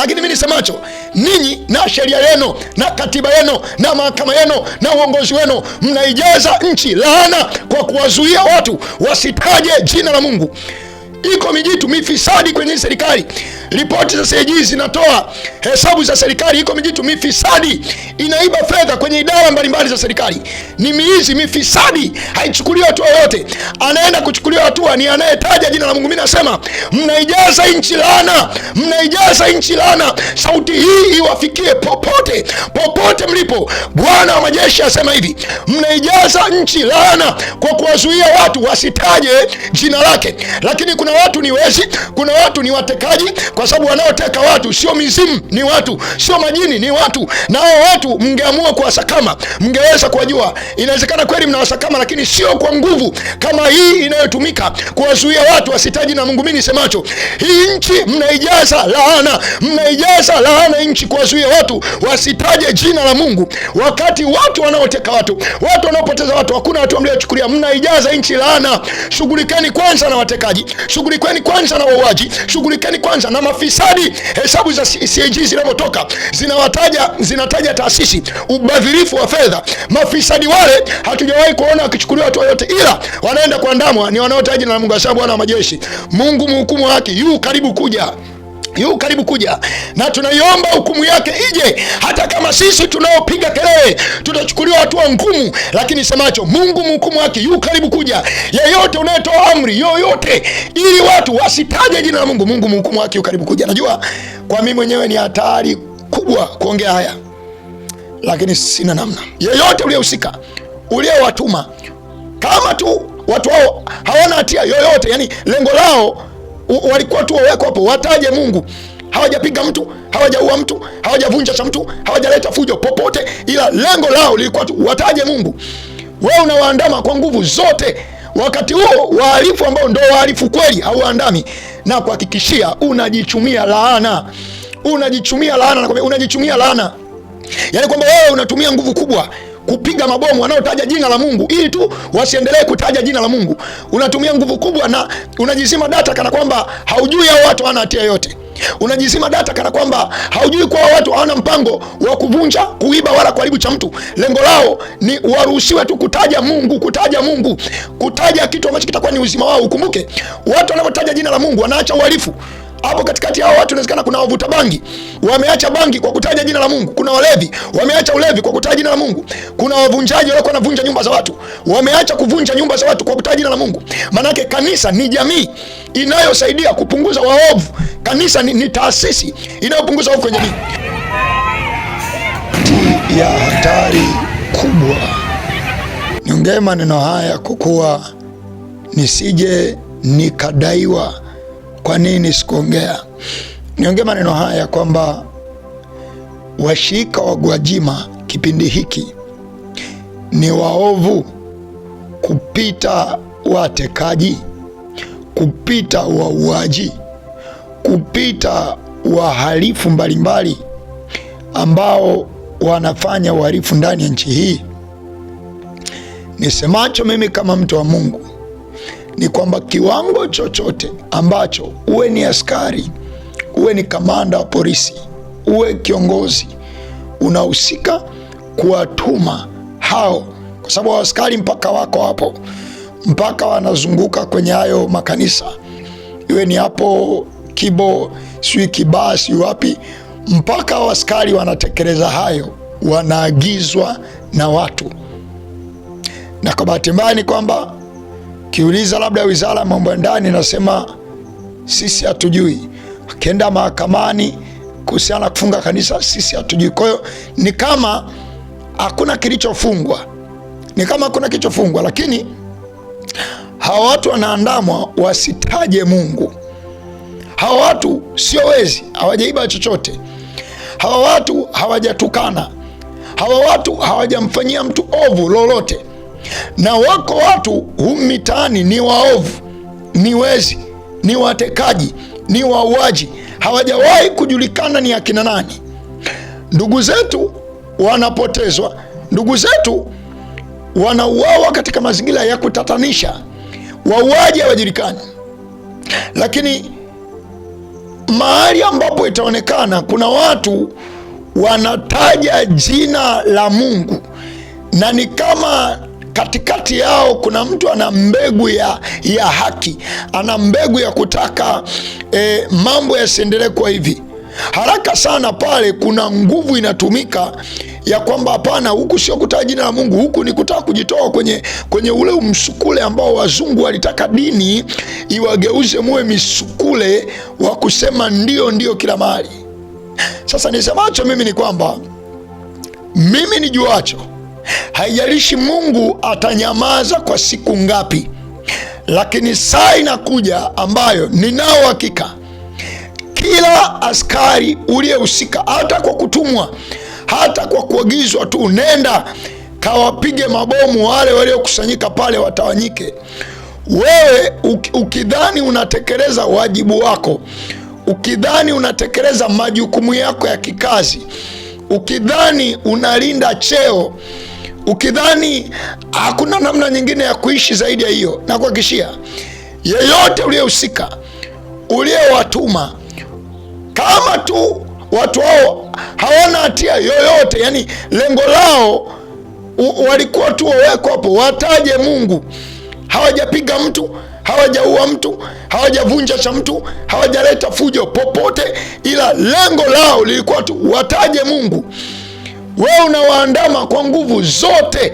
Lakini mi nisemacho, ninyi na sheria yenu na katiba yenu na mahakama yenu na uongozi wenu mnaijaza nchi laana kwa kuwazuia watu wasitaje jina la Mungu iko mijitu mifisadi kwenye serikali. Ripoti za CAG zinatoa hesabu za serikali, iko mijitu mifisadi inaiba fedha kwenye idara mbalimbali za serikali. Ni miizi mifisadi, haichukuliwa hatua yoyote. Anaenda kuchukuliwa hatua ni anayetaja jina la Mungu. Mimi nasema mnaijaza nchi lana, mnaijaza nchi lana. Sauti hii iwafikie popote, popote mlipo. Bwana wa majeshi asema hivi, mnaijaza nchi lana kwa kuwazuia watu wasitaje jina lake, lakini kuna kuna watu ni wezi, kuna watu ni watekaji, kwa sababu wanaoteka watu sio mizimu, ni watu, sio majini, ni watu. Na hao watu mngeamua kuwasakama, mngeweza kuwajua. Inawezekana kweli mnawasakama, lakini sio kwa nguvu kama hii inayotumika kuwazuia watu wasitaji na Mungu. Mimi nisemacho, hii nchi mnaijaza laana, mnaijaza laana nchi kuwazuia watu wasitaje jina la Mungu, wakati watu wanaoteka watu, watu wanaopoteza watu, hakuna watu mliochukulia, mnaijaza nchi laana. Shughulikeni kwanza na watekaji shughulikeni kwanza na wauaji, shughulikeni kwanza na mafisadi. Hesabu za CAG zinavyotoka zinawataja, zinataja taasisi, ubadhirifu wa fedha. Mafisadi wale hatujawahi kuona wakichukuliwa hatua yote, ila wanaenda kuandamwa ni wanaotaji na Mungu asabu, Bwana wa majeshi. Mungu mhukumu wa haki yu karibu kuja yu karibu kuja na tunaiomba hukumu yake ije. Hata kama sisi tunaopiga kelele tutachukuliwa hatua ngumu, lakini semacho Mungu mhukumu wake yu karibu kuja. Yeyote unayetoa amri yoyote ili watu wasitaje jina la Mungu, Mungu mhukumu wake yu karibu kuja. Najua kwa mii mwenyewe ni hatari kubwa kuongea haya, lakini sina namna. Yeyote uliyehusika, uliyewatuma kama tu watu hao hawana hatia yoyote, yani lengo lao walikuwa tu wawekwa hapo, wataje Mungu. Hawajapiga mtu, hawajaua mtu, hawajavunja cha mtu, hawajaleta fujo popote, ila lengo lao lilikuwa tu wataje Mungu. Wewe unawaandama kwa nguvu zote. Wakati huo wahalifu ambao ndo wahalifu kweli hauandami, na kuhakikishia unajichumia laana, unajichumia laana, unajichumia laana, yaani kwamba wewe unatumia nguvu kubwa kupiga mabomu wanaotaja jina la Mungu ili tu wasiendelee kutaja jina la Mungu. Unatumia nguvu kubwa na unajizima data kana kwamba haujui hao watu hawana hatia yoyote. Unajizima data kana kwamba haujui kwa watu hawana mpango wa kuvunja, kuiba wala kuharibu cha mtu. Lengo lao ni waruhusiwe tu kutaja Mungu, kutaja Mungu, kutaja kitu ambacho kitakuwa ni uzima wao. Ukumbuke watu wanapotaja jina la Mungu wanaacha uhalifu hapo katikati hao watu inawezekana kuna wavuta bangi wameacha bangi kwa kutaja jina la Mungu. Kuna walevi wameacha ulevi kwa kutaja jina la Mungu. Kuna wavunjaji waliokuwa wanavunja nyumba za watu wameacha kuvunja nyumba za watu kwa kutaja jina la Mungu. Maanake kanisa ni jamii inayosaidia kupunguza waovu. Kanisa ni, ni taasisi inayopunguza waovu kwenye jamii ya hatari kubwa. Niongee maneno haya kwa kuwa nisije nikadaiwa kwa nini sikuongea? Niongea maneno haya kwamba washirika wa Gwajima kipindi hiki ni waovu kupita watekaji, kupita wauaji, kupita wahalifu mbalimbali ambao wanafanya uhalifu ndani ya nchi hii. Nisemacho mimi kama mtu wa Mungu ni kwamba kiwango chochote ambacho uwe ni askari, uwe ni kamanda wa polisi, uwe kiongozi, unahusika kuwatuma hao, kwa sababu askari mpaka wako hapo, mpaka wanazunguka kwenye hayo makanisa, iwe ni hapo Kibo, sijui Kibaa, sijui wapi, mpaka askari wanatekeleza hayo, wanaagizwa na watu, na kwa bahati mbaya ni kwamba Kiuliza labda wizara ya mambo ya ndani nasema sisi hatujui, akienda mahakamani kuhusiana kufunga kanisa sisi hatujui. Kwa hiyo ni kama hakuna kilichofungwa, ni kama hakuna kilichofungwa, lakini hawa watu wanaandamwa wasitaje Mungu. Hawa watu sio wezi, hawajaiba chochote. Hawa watu hawajatukana. Hawa watu hawajamfanyia mtu ovu lolote na wako watu humu mitaani ni waovu, ni wezi, ni watekaji, ni wauaji, hawajawahi kujulikana ni akina nani. Ndugu zetu wanapotezwa, ndugu zetu wanauawa katika mazingira ya kutatanisha, wauaji hawajulikani, lakini mahali ambapo itaonekana kuna watu wanataja jina la Mungu na ni kama katikati yao kuna mtu ana mbegu ya, ya haki, ana mbegu ya kutaka e, mambo yasiendelee kwa hivi haraka sana. Pale kuna nguvu inatumika ya kwamba hapana, huku sio kutaka jina la Mungu, huku ni kutaka kujitoa kwenye, kwenye ule umsukule ambao wazungu walitaka dini iwageuze muwe misukule wa kusema ndio ndio kila mahali. Sasa nisemacho mimi ni kwamba mimi nijuacho Haijalishi Mungu atanyamaza kwa siku ngapi, lakini saa inakuja ambayo ninao hakika kila askari uliyehusika, hata kwa kutumwa, hata kwa kuagizwa tu, nenda kawapige mabomu wale waliokusanyika pale, watawanyike. Wewe ukidhani unatekeleza wajibu wako, ukidhani unatekeleza majukumu yako ya kikazi, ukidhani unalinda cheo ukidhani hakuna namna nyingine ya kuishi zaidi ya hiyo, na yeyote uliyehusika, uliyewatuma, kama tu watu hao hawana hatia yoyote, yani lengo lao walikuwa tu waweko hapo, wataje Mungu, hawajapiga mtu hawajaua mtu, hawajavunja cha mtu, hawajaleta fujo popote, ila lengo lao lilikuwa tu wataje Mungu wewe unawaandama kwa nguvu zote.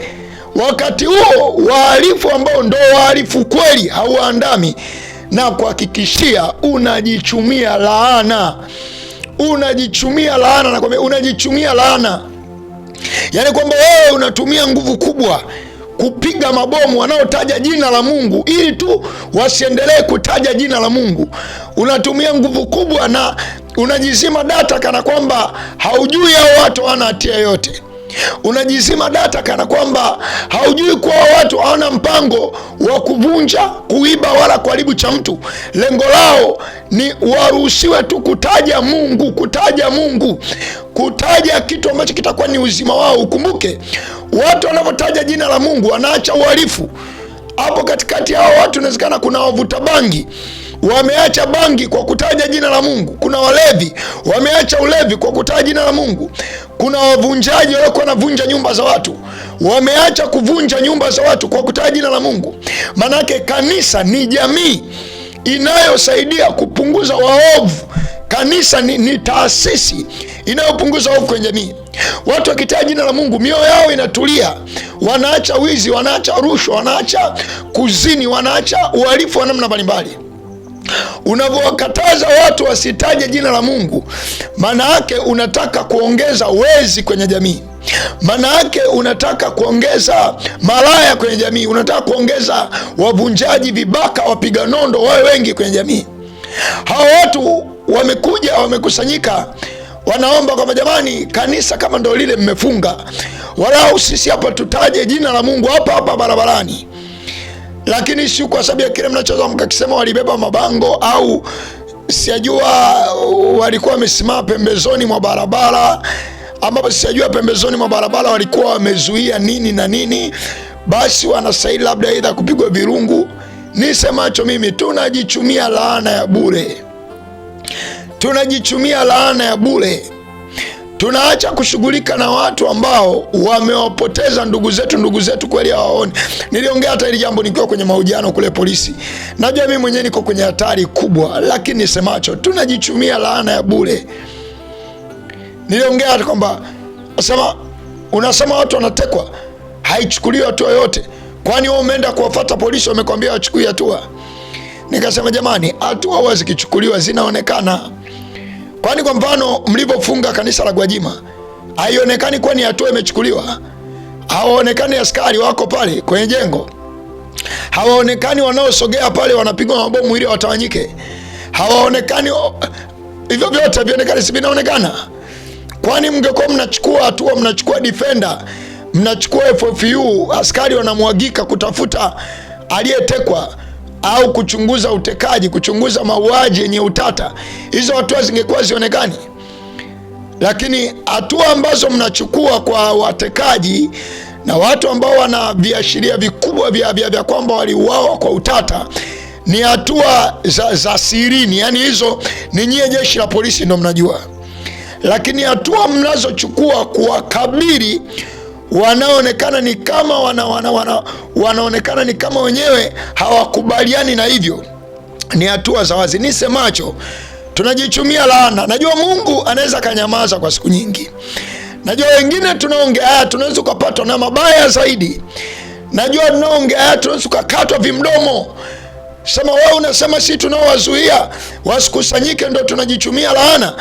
Wakati huo wahalifu ambao ndo wahalifu kweli hauwaandami na kuhakikishia, unajichumia laana, unajichumia laana, nakwambia unajichumia laana, yaani kwamba wewe unatumia nguvu kubwa kupiga mabomu wanaotaja jina la Mungu ili tu wasiendelee kutaja jina la Mungu. Unatumia nguvu kubwa na unajizima data kana kwamba haujui hao watu hawana hatia yote unajizima data kana kwamba haujui kuwa watu hawana mpango wa kuvunja, kuiba wala kuharibu cha mtu. Lengo lao ni waruhusiwe tu kutaja Mungu, kutaja Mungu, kutaja kitu ambacho kitakuwa ni uzima wao. Ukumbuke watu wanavyotaja jina la Mungu wanaacha uhalifu. Hapo katikati hao watu inawezekana kuna wavuta bangi wameacha bangi kwa kutaja jina la Mungu. Kuna walevi wameacha ulevi kwa kutaja jina la Mungu. Kuna wavunjaji waliokuwa wanavunja nyumba za watu wameacha kuvunja nyumba za watu kwa kutaja jina la Mungu. Manake kanisa ni jamii inayosaidia kupunguza waovu. Kanisa ni, ni taasisi inayopunguza waovu kwenye jamii. Watu wakitaja jina la Mungu mioyo yao inatulia, wanaacha wizi, wanaacha rushwa, wanaacha kuzini, wanaacha uhalifu wa namna mbalimbali. Unavyowakataza watu wasitaje jina la Mungu, maana yake unataka kuongeza wezi kwenye jamii, maana yake unataka kuongeza malaya kwenye jamii, unataka kuongeza wavunjaji, vibaka, wapiga nondo wawe wengi kwenye jamii. Hawa watu wamekuja, wamekusanyika wanaomba kwamba jamani, kanisa kama ndo lile mmefunga, walau sisi hapa tutaje jina la Mungu hapa hapa barabarani lakini si kwa sababu ya kile mnachoza mkakisema walibeba mabango au sijajua walikuwa wamesimama pembezoni mwa barabara, ambapo sijajua pembezoni mwa barabara walikuwa wamezuia nini na nini, basi wanastahili labda aidha kupigwa virungu. Nisemacho mimi, tunajichumia laana ya bure, tunajichumia laana ya bure tunaacha kushughulika na watu ambao wamewapoteza ndugu zetu. Ndugu zetu kweli hawaoni. Niliongea hata hili jambo nikiwa kwenye mahojiano kule polisi. Najua mimi mwenyewe niko kwenye hatari kubwa, lakini nisemacho, tunajichumia laana ya bure. Niliongea hata kwamba sema, unasema watu wanatekwa, haichukuliwi hatua yote. Kwani wewe umeenda kuwafata polisi, wamekwambia wachukui hatua? Nikasema jamani, hatua huwa zikichukuliwa zinaonekana Kwani kwa mfano mlivyofunga kanisa la Gwajima haionekani kuwa ni hatua imechukuliwa? Hawaonekani askari wako pale kwenye jengo? Hawaonekani wanaosogea pale wanapigwa mabomu ili watawanyike? Hawaonekani hivyo? Vyote vionekani, si vinaonekana? Kwani mngekuwa mnachukua hatua, mnachukua defender, mnachukua FFU, askari wanamwagika kutafuta aliyetekwa au kuchunguza utekaji, kuchunguza mauaji yenye utata, hizo hatua zingekuwa zionekani. Lakini hatua ambazo mnachukua kwa watekaji na watu ambao wana viashiria vikubwa vya vya kwamba waliuawa kwa utata ni hatua za, za sirini, yaani hizo ni nyie jeshi la polisi ndo mnajua, lakini hatua mnazochukua kuwakabili wanaonekana ni kama wana, wana, wana, wanaonekana ni kama wenyewe hawakubaliani na hivyo ni hatua za wazi. Nisemacho tunajichumia laana. Najua Mungu anaweza akanyamaza kwa siku nyingi, najua wengine tunaongea tunaweza ukapatwa na mabaya zaidi, najua tunaongea tunaweza ukakatwa vimdomo sema wewe unasema si tunaowazuia wasikusanyike ndo tunajichumia laana.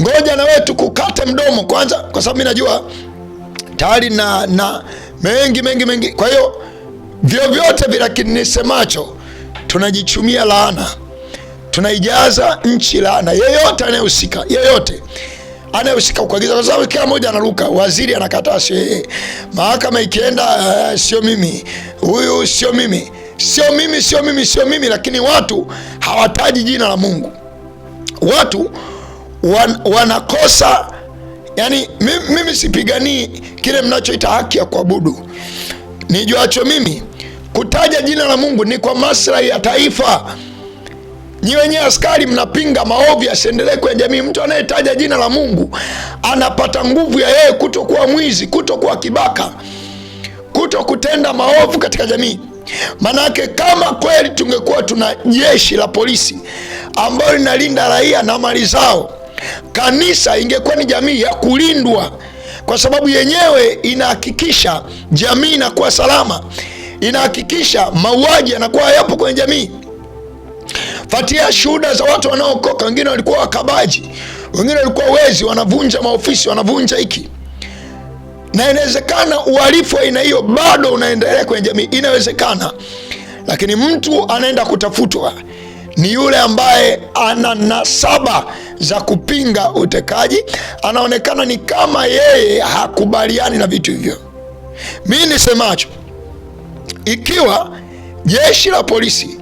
Ngoja na wewe tukukate mdomo kwanza, kwa sababu mi najua tayari na, na mengi mengi mengi. Kwa hiyo vyovyote vile nisemacho, tunajichumia laana, tunaijaza nchi laana. Yeyote anayehusika yeyote anayehusika kuagiza, kwa sababu kila mmoja anaruka. Waziri anakataa, sio yeye. Mahakama ikienda, uh, sio mimi huyu, sio mimi, sio mimi, sio mimi, sio mimi. Lakini watu hawataji jina la Mungu, watu wan, wanakosa Yaani mimi, mimi sipiganii kile mnachoita haki ya kuabudu. Nijuacho mimi kutaja jina la Mungu ni kwa maslahi ya taifa. Nyi wenyewe askari mnapinga maovu yasiendelee kwenye jamii. Mtu anayetaja jina la Mungu anapata nguvu ya yeye kutokuwa mwizi, kutokuwa kibaka, kuto kutenda maovu katika jamii. Manake kama kweli tungekuwa tuna jeshi la polisi ambayo linalinda raia na mali zao Kanisa ingekuwa ni jamii ya kulindwa, kwa sababu yenyewe inahakikisha jamii inakuwa salama, inahakikisha mauaji yanakuwa hayapo kwenye jamii. Fatia shuhuda za watu wanaokoka, wengine walikuwa wakabaji, wengine walikuwa wezi, wanavunja maofisi, wanavunja hiki na inawezekana uhalifu wa aina hiyo bado unaendelea kwenye jamii, inawezekana, lakini mtu anaenda kutafutwa ni yule ambaye ana nasaba za kupinga utekaji, anaonekana ni kama yeye hakubaliani na vitu hivyo. Mi nisemacho, ikiwa jeshi la polisi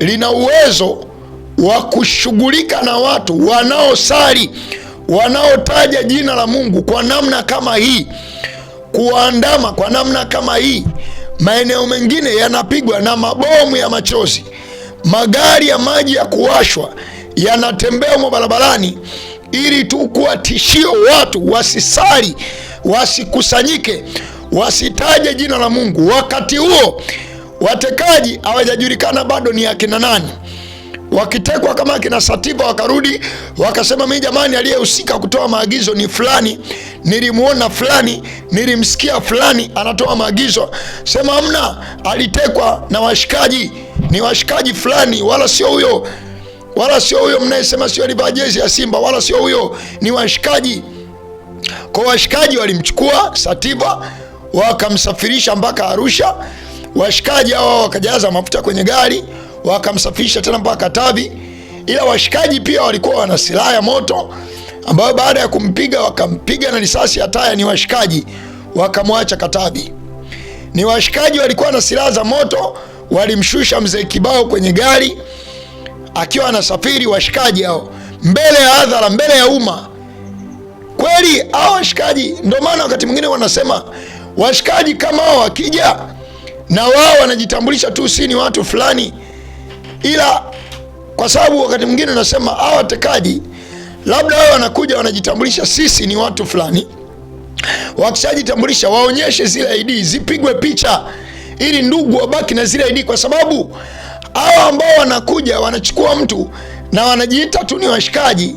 lina uwezo wa kushughulika na watu wanaosali, wanaotaja jina la Mungu kwa namna kama hii, kuwaandama kwa namna kama hii, maeneo mengine yanapigwa na mabomu ya machozi magari ya maji ya kuwashwa yanatembea humo barabarani ili tu kuwa tishio, watu wasisali, wasikusanyike, wasitaje jina la Mungu. Wakati huo watekaji hawajajulikana bado ni akina nani. Wakitekwa kama akina Satiba, wakarudi wakasema, mimi jamani, aliyehusika kutoa maagizo ni fulani, nilimwona fulani, nilimsikia fulani anatoa maagizo. Sema hamna, alitekwa na washikaji ni washikaji fulani, wala sio huyo, wala sio huyo mnayesema sio alivaa jezi ya Simba, wala sio huyo, ni washikaji. Kwa washikaji walimchukua Sativa wakamsafirisha mpaka Arusha. Washikaji hawa wakajaza mafuta kwenye gari wakamsafirisha tena mpaka Katavi, ila washikaji pia walikuwa wana silaha ya moto ambayo baada ya kumpiga wakampiga na risasi ya taya. Ni washikaji wakamwacha Katavi, ni washikaji walikuwa na silaha za moto walimshusha mzee Kibao kwenye gari akiwa anasafiri, washikaji hao, mbele ya hadhara, mbele ya umma. Kweli hao washikaji, ndio maana wakati mwingine wanasema washikaji kama hao wakija na wao wanajitambulisha tu, si ni watu fulani, ila kwa sababu wakati mwingine unasema hao watekaji labda wao wanakuja wanajitambulisha, sisi ni watu fulani. Wakishajitambulisha waonyeshe zile ID zipigwe picha ili ndugu wabaki na zile ID, kwa sababu hawa ambao wanakuja wanachukua mtu na wanajiita tu ni washikaji.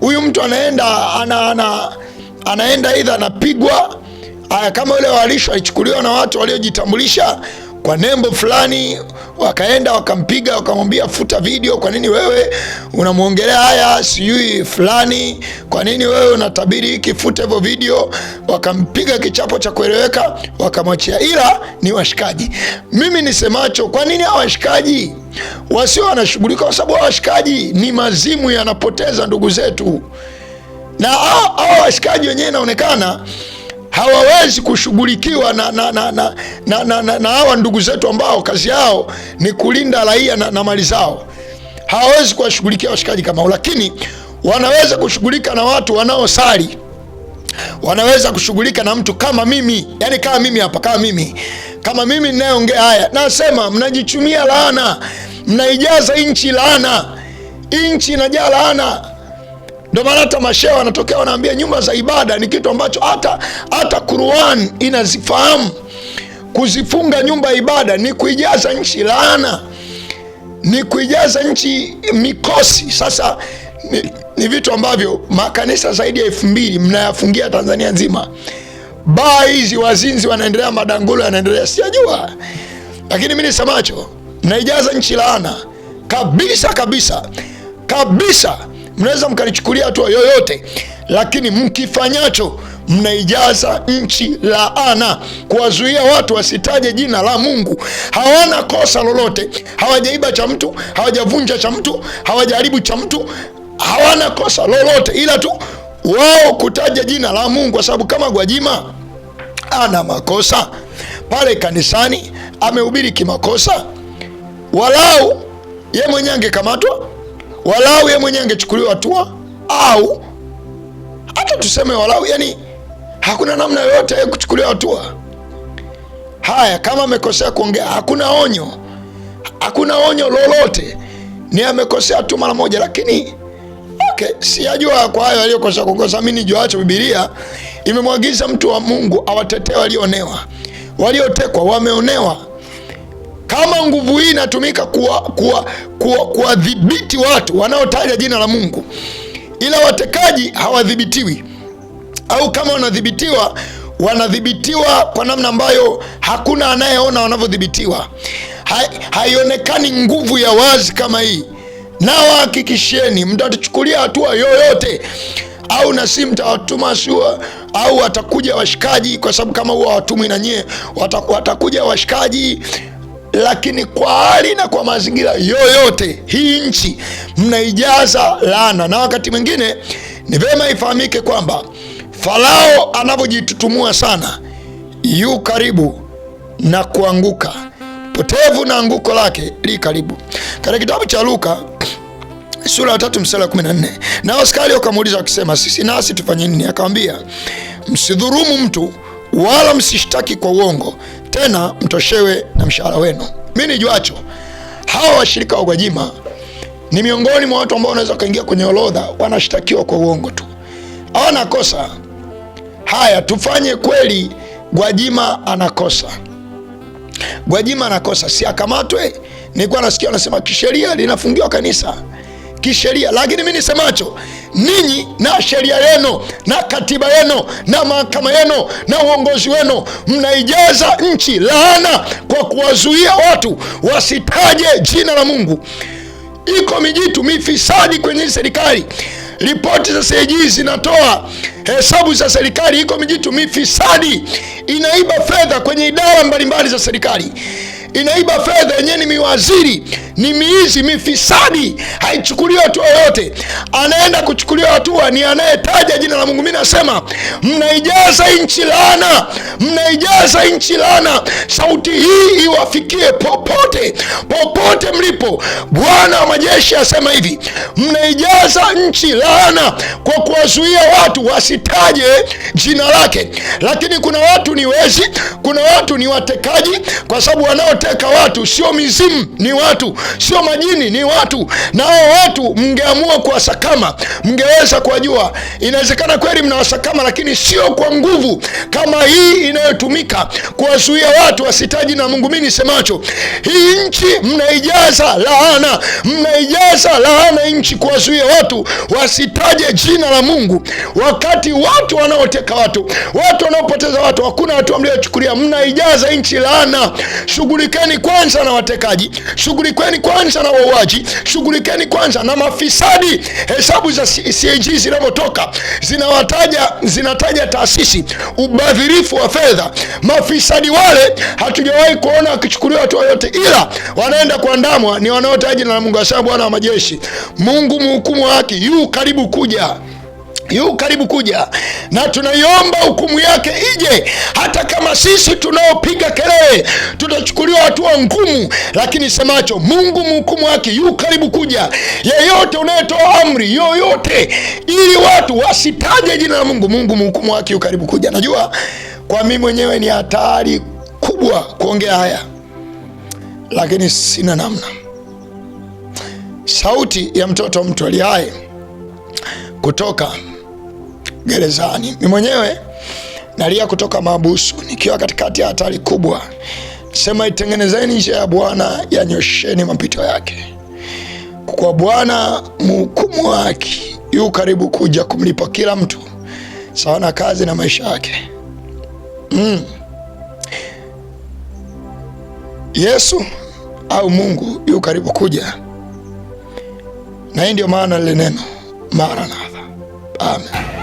Huyu mtu anaenda ana, ana, anaenda aidha anapigwa kama yule walisho alichukuliwa na watu waliojitambulisha kwa nembo fulani, wakaenda wakampiga, wakamwambia futa video, kwa nini wewe unamwongelea haya sijui fulani, kwa nini wewe unatabiri hiki, futa hivyo video. Wakampiga kichapo cha kueleweka, wakamwachia. Ila ni washikaji, mimi nisemacho, kwa nini hawa washikaji wasio wanashughulika? Kwa sababu washikaji ni mazimu, yanapoteza ndugu zetu, na hawa washikaji wenyewe inaonekana hawawezi kushughulikiwa na hawa na, na, na, na, na, na ndugu zetu ambao kazi yao ni kulinda raia na, na mali zao. Hawawezi kuwashughulikia washikaji kama hao, lakini wanaweza kushughulika na watu wanaosali, wanaweza kushughulika na mtu kama mimi, yani kama mimi hapa, kama mimi kama mimi ninayeongea haya, nasema mnajichumia laana, mnaijaza nchi laana, nchi inajaa laana ndio maana hata mashehe wanatokea wanaambia nyumba za ibada ni kitu ambacho hata hata Qur'an inazifahamu. Kuzifunga nyumba ya ibada ni kuijaza nchi laana, ni kuijaza nchi mikosi. Sasa ni, ni vitu ambavyo makanisa zaidi ya elfu mbili mnayafungia Tanzania nzima. Baa hizi wazinzi wanaendelea, madangulo yanaendelea, sijajua, lakini mi nisemacho naijaza nchi laana kabisa kabisa kabisa mnaweza mkalichukulia hatua yoyote, lakini mkifanyacho mnaijaza nchi laana, kuwazuia watu wasitaje jina la Mungu. Hawana kosa lolote, hawajaiba cha mtu, hawajavunja cha mtu, hawajaharibu cha mtu, hawana kosa lolote, ila tu wao kutaja jina la Mungu, kwa sababu kama Gwajima ana makosa pale kanisani, amehubiri kimakosa, walau ye mwenyewe angekamatwa walau yeye mwenyewe angechukuliwa hatua au hata tuseme walau, yani hakuna namna yoyote ya kuchukuliwa hatua. Haya, kama amekosea kuongea, hakuna onyo, hakuna onyo lolote, ni amekosea tu mara moja. Lakini okay, siyajua kwa hayo aliyokosea kukosa. Mimi nijuacho, Biblia imemwagiza mtu wa Mungu awatetee walioonewa, waliotekwa, wameonewa kama nguvu hii inatumika kuwadhibiti kuwa, kuwa, watu wanaotaja jina la Mungu, ila watekaji hawadhibitiwi, au kama wanadhibitiwa wanadhibitiwa kwa namna ambayo hakuna anayeona wanavyodhibitiwa. Haionekani nguvu ya wazi kama hii. Nawahakikisheni mtatuchukulia hatua yoyote, au nasi mtawatuma sio, au watakuja washikaji, kwa sababu kama huwa watumwi na nyie, watakuja washikaji lakini kwa hali na kwa mazingira yoyote hii nchi mnaijaza laana. Na wakati mwingine ni vema ifahamike kwamba Farao anavyojitutumua sana yu karibu na kuanguka. Potevu na anguko lake li karibu. Katika kitabu cha Luka sura ya tatu mstari wa 14, na askari wakamuuliza wakisema, sisi nasi tufanye nini? Akamwambia, msidhurumu mtu wala msishtaki kwa uongo, tena mtoshewe na mshahara wenu. Mi nijuacho, hawa washirika wa Gwajima ni miongoni mwa watu ambao wanaweza wakaingia kwenye orodha, wanashtakiwa kwa uongo tu, hawana kosa. Haya, tufanye kweli, Gwajima anakosa, Gwajima anakosa, si akamatwe. Nilikuwa nasikia wanasema kisheria linafungiwa kanisa kisheria, lakini mi nisemacho ninyi na sheria yenu na katiba yenu na mahakama yenu na uongozi wenu mnaijaza nchi laana kwa kuwazuia watu wasitaje jina la Mungu. Iko mijitu mifisadi kwenye serikali. Ripoti za CAG zinatoa hesabu za serikali. Iko mijitu mifisadi inaiba fedha kwenye idara mbalimbali za serikali, inaiba fedha yenyewe ni miwaziri ni miizi mifisadi, haichukuliwa hatua yoyote. Anaenda kuchukuliwa hatua ni anayetaja jina la Mungu. Mi nasema mnaijaza nchi laana, mnaijaza nchi laana. Sauti hii iwafikie popote, popote mlipo. Bwana wa majeshi asema hivi, mnaijaza nchi laana kwa kuwazuia watu wasitaje jina lake. Lakini kuna watu ni wezi, kuna watu ni watekaji, kwa sababu wanaoteka watu sio mizimu, ni watu sio majini, ni watu. na hao watu mngeamua kuwasakama, mngeweza kuwajua. Inawezekana kweli mnawasakama, lakini sio kwa nguvu kama hii inayotumika kuwazuia watu wasitaji. Na Mungu mimi nisemacho, hii nchi mnaijaza laana, mnaijaza laana nchi, kuwazuia watu wasitaje jina la Mungu, wakati watu wanaoteka watu, watu wanaopoteza watu, hakuna hatua mliochukulia. Mnaijaza nchi laana. Shughulikeni kwanza na watekaji, shughulikeni shughulikeni kwanza na wauaji, shughulikeni kwanza na mafisadi. Hesabu za CAG zinavyotoka zinawataja, zinataja taasisi, ubadhirifu wa fedha. Mafisadi wale hatujawahi kuona wakichukuliwa hatua yoyote, ila wanaenda kuandamwa ni wanaotaji na Mungu asaa Bwana wa majeshi. Mungu mhukumu wa haki yu karibu kuja yu karibu kuja na tunaiomba hukumu yake ije, hata kama sisi tunaopiga kelele tutachukuliwa hatua ngumu, lakini semacho Mungu mhukumu wake yu karibu kuja. Yeyote unayetoa amri yoyote ili watu wasitaje jina la Mungu, Mungu mhukumu wake yu karibu kuja. Najua kwa mii mwenyewe ni hatari kubwa kuongea haya, lakini sina namna. Sauti ya mtoto mtu aliaye kutoka gerezani. Mimi mwenyewe nalia kutoka mahabusu nikiwa katikati ya hatari kubwa. Sema, itengenezeni njia ya Bwana, yanyosheni mapito yake, kwa Bwana mhukumu wa haki yu karibu kuja kumlipa kila mtu sawa na kazi na maisha yake. Mm. Yesu au Mungu yu karibu kuja, na hii ndio maana lile neno Maranatha. Amen.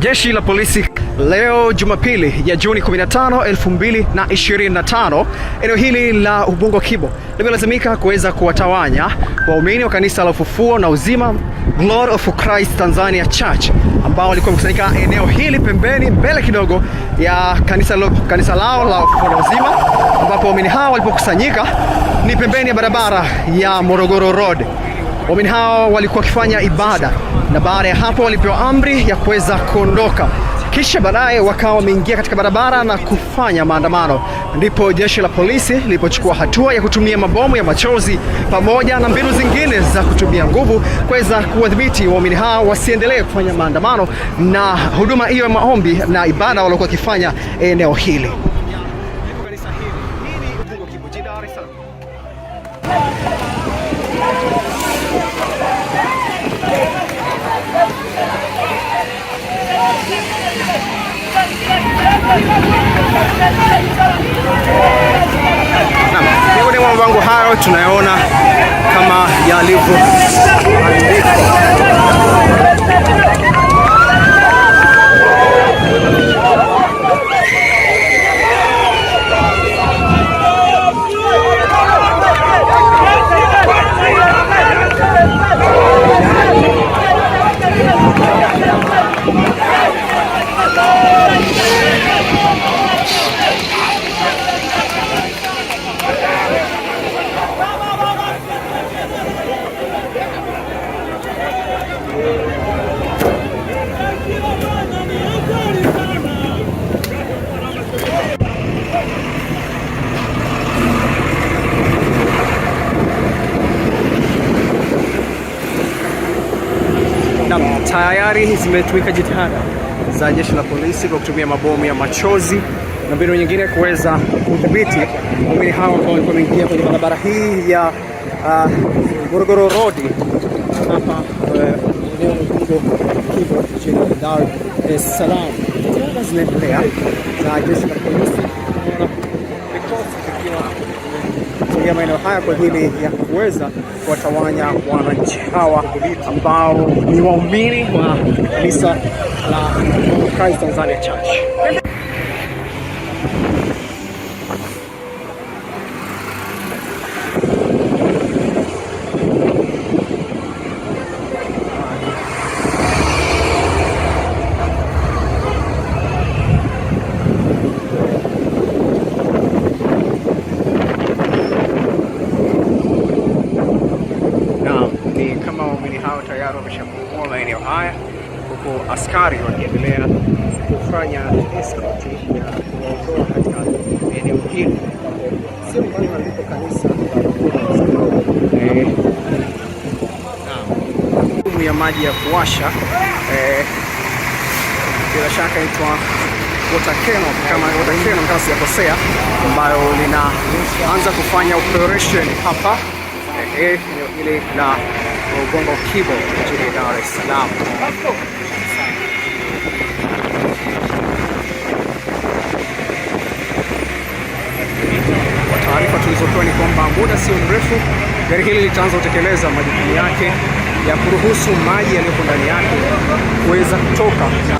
Jeshi la polisi leo Jumapili ya Juni 15, 2025 eneo hili la Ubungo Kibo limelazimika kuweza kuwatawanya waumini wa kanisa la Ufufuo na Uzima Glory of Christ Tanzania Church ambao walikuwa wamekusanyika eneo hili pembeni mbele kidogo ya kanisa, lo, kanisa lao la Ufufuo na Uzima ambapo waumini hao walipokusanyika ni pembeni ya barabara ya Morogoro Road. Waumini hao walikuwa wakifanya ibada na baada ya hapo walipewa amri ya kuweza kuondoka, kisha baadaye wakawa wameingia katika barabara na kufanya maandamano. Ndipo jeshi la polisi lilipochukua hatua ya kutumia mabomu ya machozi pamoja na mbinu zingine za kutumia nguvu kuweza kuwadhibiti waumini hao wasiendelee kufanya maandamano na huduma hiyo ya maombi na ibada waliokuwa wakifanya eneo hili. Miongoni mwa mabango hayo tunayaona kama yalivyoandikwa zimetumika jitihada za jeshi la polisi kwa kutumia mabomu ya machozi na mbinu nyingine kuweza kudhibiti wawili hao ambao walikuwa wameingia kwenye barabara hii ya uh, Road hapa uh, eneo Dar es Salaam. Jitihada zinaendelea za jeshi la polisi kutumia maeneo haya kwa ajili ya kuweza kuwatawanya wananchi hawa ambao ni waumini wa kanisa la Christ Tanzania Church. maji ya kuwasha eh, bila shaka inaitwa water cannon kama water cannon kama sijakosea, ambayo linaanza kufanya operation hapa eh, eh, ile la Ugongo Kibo jijini Dar es Salaam. Kwa taarifa tulizopewa ni kwamba muda sio mrefu gari hili litaanza kutekeleza majukumu yake ya kuruhusu maji yaliyoko ndani yake kuweza kutoka